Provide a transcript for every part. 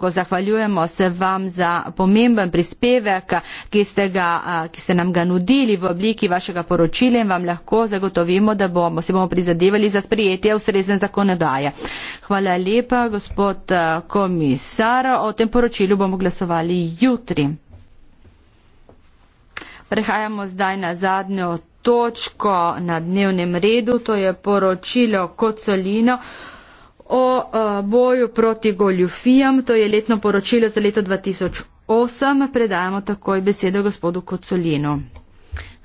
Ko zahvaljujemo se vam za pomemben prispevek, ki ste, ga, ki ste nam ga nudili v obliki vašega poročila in vam lahko zagotovimo, da bomo, se bomo prizadevali za sprijetje ustrezne zakonodaje. Hvala lepa, gospod komisar. O tem poročilu bomo glasovali jutri. Prehajamo zdaj na zadnjo točko na dnevnem redu, to je poročilo kot solino o e, boju proti goljufijam, to je letno poročilo za leto 2008, predajamo takoj besedo gospodu Kocolinu.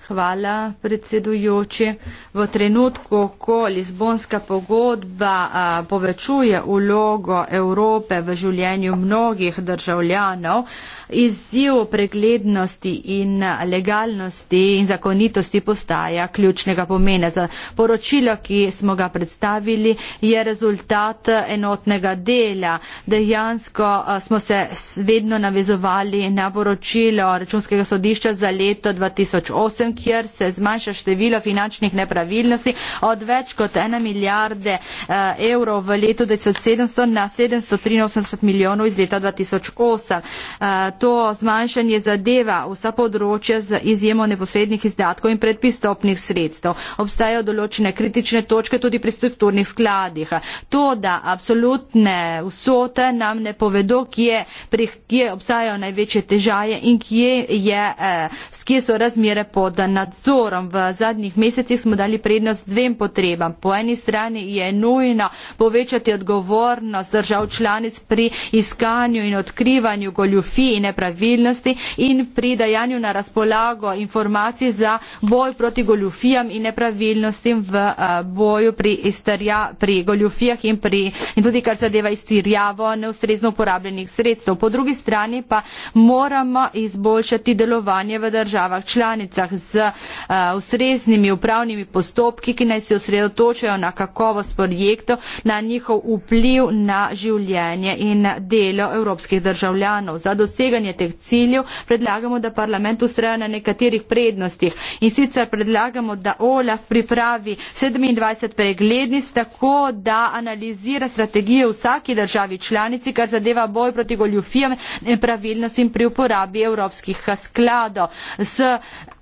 Hvala, predsedujoči. V trenutku, ko Lizbonska pogodba a, povečuje ulogo Evrope v življenju mnogih državljanov, izziv preglednosti in legalnosti in zakonitosti postaja ključnega pomena. Za poročilo, ki smo ga predstavili, je rezultat enotnega dela. Dejansko a, smo se vedno navezovali na poročilo računskega sodišča za leto 2008 kjer se zmanjša število finančnih nepravilnosti od več kot ena milijarde eh, evrov v letu 1700 na 783 milijonov iz leta 2008. Eh, to zmanjšanje zadeva vsa področja z izjemo neposrednih izdatkov in predpristopnih sredstev. Obstajajo določene kritične točke tudi pri strukturnih skladih. To, da absolutne vsote nam ne povedo, kje, pri, kje obstajajo največje težaje in kje, je, eh, kje so razmere pod nadzorom. V zadnjih mesecih smo dali prednost dvem potrebam. Po eni strani je nujno povečati odgovornost držav članic pri iskanju in odkrivanju goljufij in nepravilnosti in pri dajanju na razpolago informacij za boj proti goljufijam in nepravilnostim v eh, boju pri, istarja, pri goljufijah in, pri, in tudi kar zadeva istirjavo neustrezno uporabljenih sredstev. Po drugi strani pa moramo izboljšati delovanje v državah članicah z Eh, ustreznimi upravnimi postopki, ki naj se osredotočajo na kakovost projektov, na njihov vpliv na življenje in delo evropskih državljanov. Za doseganje teh ciljev predlagamo, da parlament ustreja na nekaterih prednostih in sicer predlagamo, da OLAF pripravi 27 preglednic tako, da analizira strategije vsaki državi članici, kar zadeva boj proti goljufijam in pravilnostim pri uporabi evropskih skladov. S,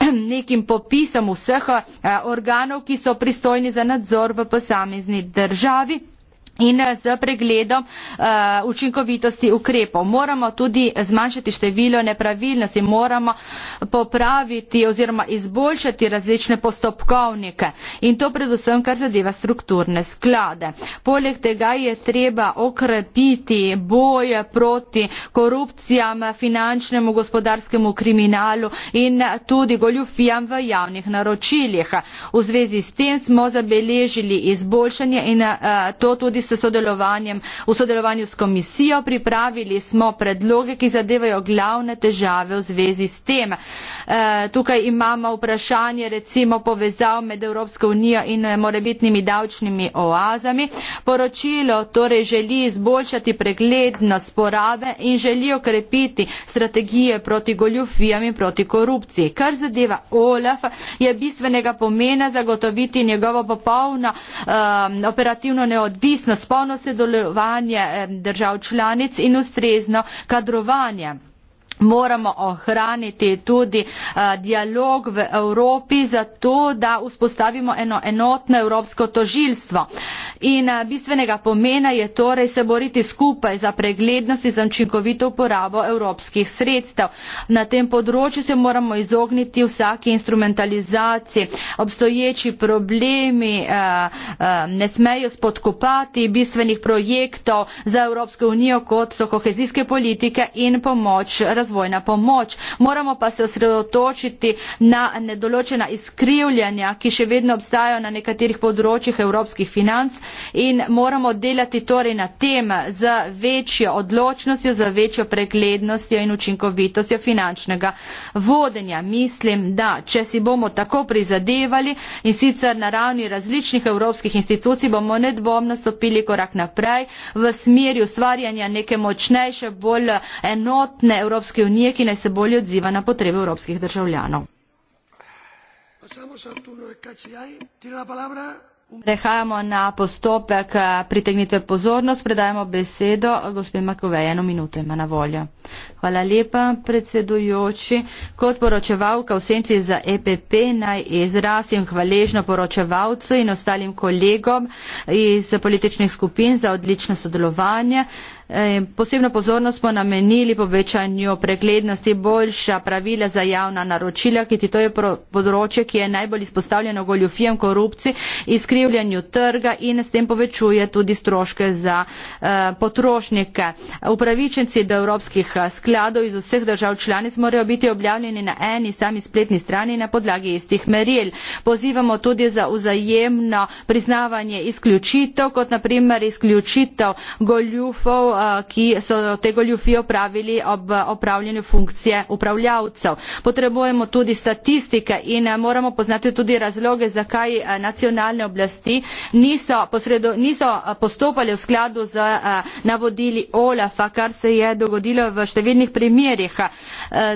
nekim popisom vseh eh, organov, ki so pristojni za nadzor v posamezni državi in z eh, pregledom uh, učinkovitosti ukrepov. Moramo tudi zmanjšati število nepravilnosti, moramo popraviti oziroma izboljšati različne postopkovnike in to predvsem, kar zadeva strukturne sklade. Poleg tega je treba okrepiti boje proti korupcijam, finančnemu, gospodarskemu kriminalu in tudi goljufijam v javnih naročiljih. V zvezi s tem smo zabeležili izboljšanje in uh, to tudi s sodelovanjem, v sodelovanju s komisijo pripravili smo predloge, ki zadevajo glavne težave v zvezi s tem. E, tukaj imamo vprašanje recimo povezav med Evropsko unijo in eh, morebitnimi davčnimi oazami. Poročilo torej želi izboljšati preglednost porabe in želi okrepiti strategije proti goljufijam in proti korupciji. Kar zadeva OLAF je bistvenega pomena zagotoviti njegovo popolno um, operativno neodvisnost na spolno sodelovanje eh, držav članic in ustrezno kadrovanje moramo ohraniti tudi eh, dialog v Evropi za to, da vzpostavimo eno enotno evropsko tožilstvo. In eh, bistvenega pomena je torej se boriti skupaj za preglednost in za učinkovito uporabo evropskih sredstev. Na tem področju se moramo izogniti vsaki instrumentalizaciji. Obstoječi problemi eh, eh ne smejo spodkopati bistvenih projektov za Evropsko unijo, kot so kohezijske politike in pomoč razvoju razvojna pomoč. Moramo pa se osredotočiti na nedoločena izkrivljanja, ki še vedno obstajajo na nekaterih področjih evropskih financ in moramo delati torej na tem z večjo odločnostjo, z večjo preglednostjo in učinkovitostjo finančnega vodenja. Mislim, da če si bomo tako prizadevali in sicer na ravni različnih evropskih institucij, bomo nedvomno stopili korak naprej v smeri ustvarjanja neke močnejše, bolj enotne evropske Evropske unije, ki naj se bolje odziva na potrebe evropskih državljanov. Prehajamo na postopek eh, pritegnitve pozornost, predajamo besedo gospe Makovej, eno minuto ima na voljo. Hvala lepa, predsedujoči. Kot poročevalka v senci za EPP naj izrazim hvaležno poročevalcu in ostalim kolegom iz političnih skupin za odlično sodelovanje. Posebno pozornost smo namenili povečanju preglednosti, boljša pravila za javna naročila, ki ti to je področje, ki je najbolj izpostavljeno goljufijem, korupciji, izkrivljanju trga in s tem povečuje tudi stroške za eh, potrošnike. Upravičenci do evropskih eh, skladov iz vseh držav članic morajo biti objavljeni na eni sami spletni strani na podlagi istih meril. Pozivamo tudi za vzajemno priznavanje izključitev, kot naprimer izključitev goljufov, ki so te goljufije opravili ob eh, opravljanju funkcije upravljavcev. Potrebujemo tudi statistike in eh, moramo poznati tudi razloge, zakaj eh, nacionalne oblasti niso, posredo, niso postopali v skladu z navodili OLAFA, kar se je dogodilo v številnih primerjih.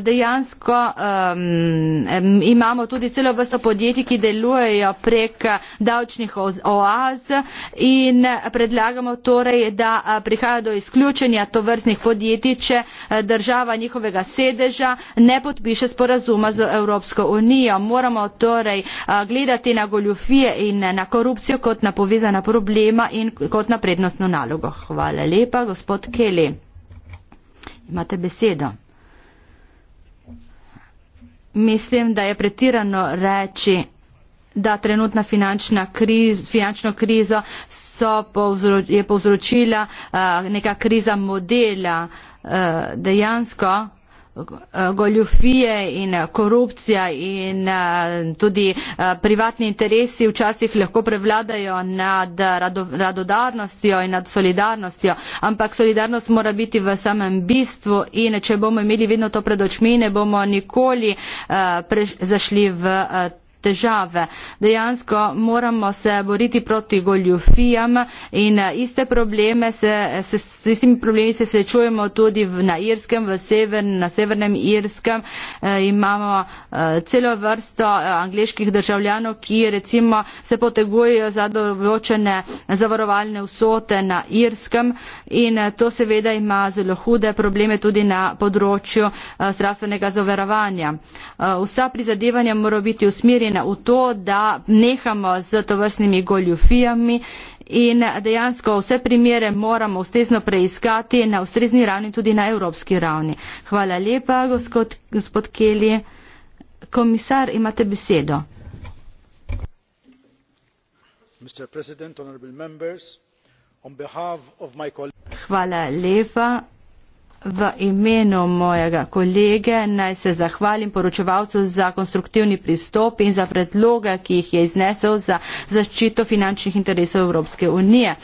Dejansko um, imamo tudi celo vrsto podjetij, ki delujejo prek davčnih oaz in predlagamo torej, da prihaja do izkušnja izključenja tovrstnih podjetij, če eh, država njihovega sedeža ne podpiše sporazuma z Evropsko unijo. Moramo torej eh, gledati na goljufije in eh, na korupcijo kot na povezana problema in kot na prednostno nalogo. Hvala lepa, gospod Keli. Imate besedo. Mislim, da je pretirano reči, da trenutna finančna kriz, finančno krizo povzro, je povzročila uh, neka kriza modela uh, dejansko goljufije in korupcija in tudi privatni interesi včasih lahko prevladajo nad radodarnostjo in nad solidarnostjo, ampak solidarnost mora biti v samem bistvu in če bomo imeli vedno to pred očmi, ne bomo nikoli zašli v težave. Dejansko moramo se boriti proti goljufijam in eh, iste probleme se, se, s istimi problemi se srečujemo tudi v, na Irskem, v sever, na severnem Irskem. E, imamo e, celo vrsto e, angliških državljanov, ki recimo se potegujejo za določene zavarovalne vsote na Irskem in e, to seveda ima zelo hude probleme tudi na področju e, zdravstvenega zavarovanja. E, vsa prizadevanja morajo biti usmerjena usmerjena v to, da nehamo z tovrstnimi goljufijami. In dejansko vse primere moramo ustrezno preiskati na ustrezni ravni, tudi na evropski ravni. Hvala lepa, gospod, gospod Keli. Komisar, imate besedo. Hvala lepa, V imenu mojega kolege naj se zahvalim poročevalcu za konstruktivni pristop in za predloge, ki jih je iznesel za zaščito finančnih interesov Evropske unije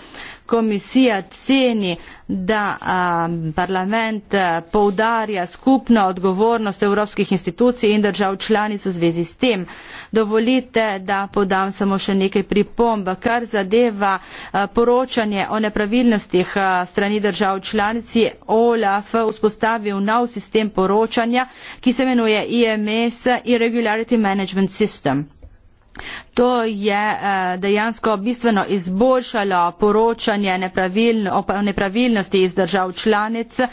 komisija ceni, da a, um, parlament uh, poudarja skupno odgovornost evropskih institucij in držav članic v zvezi s tem. Dovolite, da podam samo še nekaj pripomb, kar zadeva a, uh, poročanje o nepravilnostih a, uh, strani držav članic. OLAF vzpostavil nov sistem poročanja, ki se imenuje IMS Irregularity Management System. To je eh, dejansko bistveno izboljšalo poročanje nepravilno, nepravilnosti iz držav članic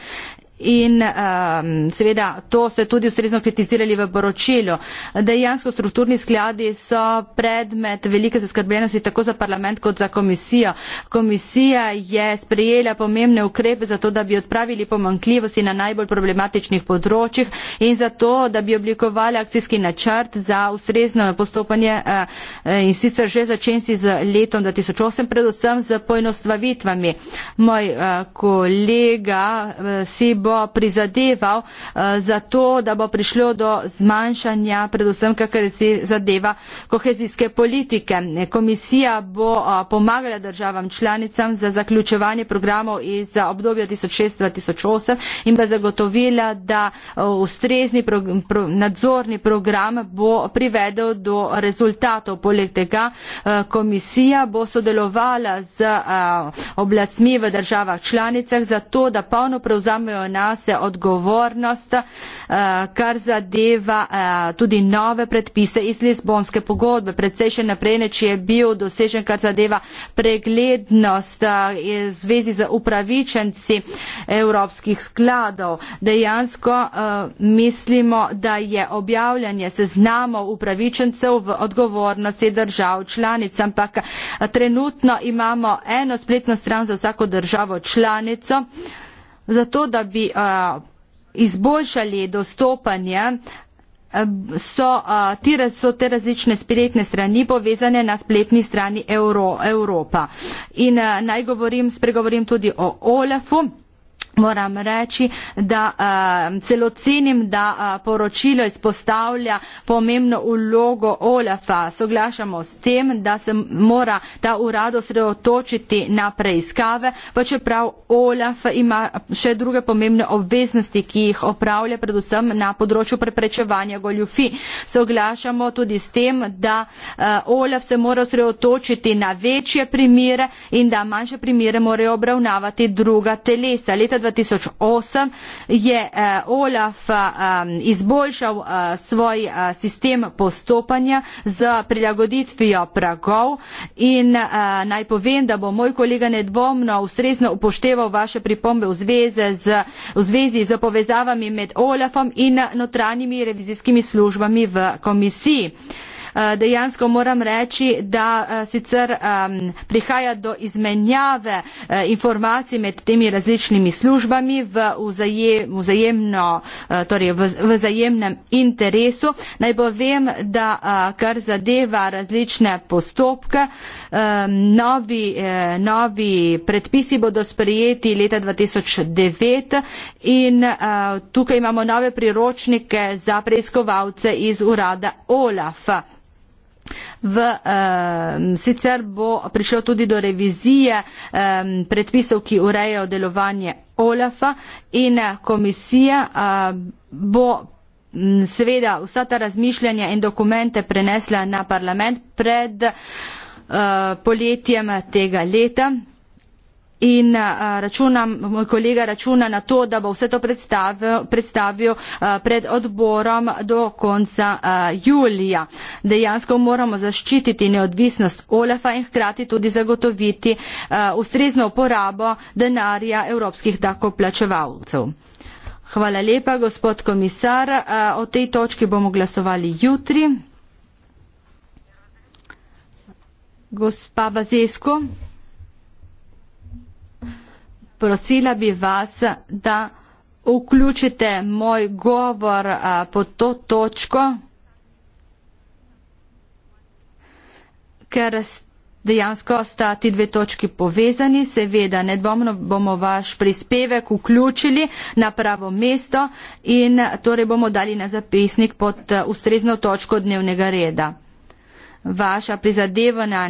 in um, seveda to ste tudi ustrezno kritizirali v poročilu. Dejansko strukturni skladi so predmet velike zaskrbljenosti tako za parlament kot za komisijo. Komisija je sprejela pomembne ukrepe za to, da bi odpravili pomankljivosti na najbolj problematičnih področjih in za to, da bi oblikovali akcijski načrt za ustrezno postopanje uh, in sicer že začenci z letom 2008, predvsem z pojnostvavitvami. Moj uh, kolega uh, Sibo bo prizadeval eh, za to, da bo prišlo do zmanjšanja, predvsem kakor se zadeva kohezijske politike. Komisija bo eh, pomagala državam članicam za zaključevanje programov iz obdobja 2006-2008 in bo zagotovila, da eh, ustrezni program, pro, nadzorni program bo privedel do rezultatov. Poleg tega komisija bo sodelovala z oblastmi v državah članicah za to, da polno prevzamejo nase odgovornost, eh, kar zadeva eh, tudi nove predpise iz Lizbonske pogodbe. Predvsej še naprej, neči je bil dosežen, kar zadeva preglednost v eh, zvezi z upravičenci evropskih skladov. Dejansko mislimo, da je objavljanje seznamov upravičencev v odgovornosti držav članic, ampak trenutno imamo eno spletno stran za vsako državo članico zato da bi izboljšali dostopanje, so, ti, so te različne spletne strani povezane na spletni strani Euro, Evropa. In naj govorim, spregovorim tudi o OLAF-u. Moram reči, da eh, celo cenim, da eh, poročilo izpostavlja pomembno ulogo OLAF-a. Soglašamo s tem, da se mora ta urad osredotočiti na preiskave, pa čeprav OLAF ima še druge pomembne obveznosti, ki jih opravlja predvsem na področju preprečevanja goljufi. Soglašamo tudi s tem, da eh, OLAF se mora osredotočiti na večje primere in da manjše primere morajo obravnavati druga telesa. Leta 2008 je eh, OLAF eh, izboljšal eh, svoj sistem postopanja z prilagoditvijo pragov in naj povem, da bo moj kolega nedvomno ustrezno upošteval vaše pripombe v zvezi z, v zvezi z povezavami med OLAFom in notranjimi revizijskimi službami v komisiji. Eh, dejansko moram reči, da eh, sicer prihaja do izmenjave eh, informacij med temi različnimi službami v, vzajemno, torej v vzajemnem interesu. Naj povem, da kar zadeva različne postopke, novi, novi predpisi bodo sprejeti leta 2009 in tukaj imamo nove priročnike za preiskovalce iz urada OLAF. V, um, sicer bo prišlo tudi do revizije um, predpisov, ki urejajo delovanje OLAF-a in komisija uh, bo m, seveda vsa ta razmišljanja in dokumente prenesla na parlament pred uh, poletjem tega leta in računam, moj kolega računa na to, da bo vse to predstavil, predstavil pred odborom do konca julija. Dejansko moramo zaščititi neodvisnost OLEF-a in hkrati tudi zagotoviti ustrezno uporabo denarja evropskih takoplačevalcev. Hvala lepa, gospod komisar. O tej točki bomo glasovali jutri. Gospa Bazesko prosila bi vas, da vključite moj govor pod to točko, ker dejansko sta ti dve točki povezani. Seveda, nedvomno bomo vaš prispevek vključili na pravo mesto in torej bomo dali na zapisnik pod ustrezno točko dnevnega reda. Vaša prizadevanja.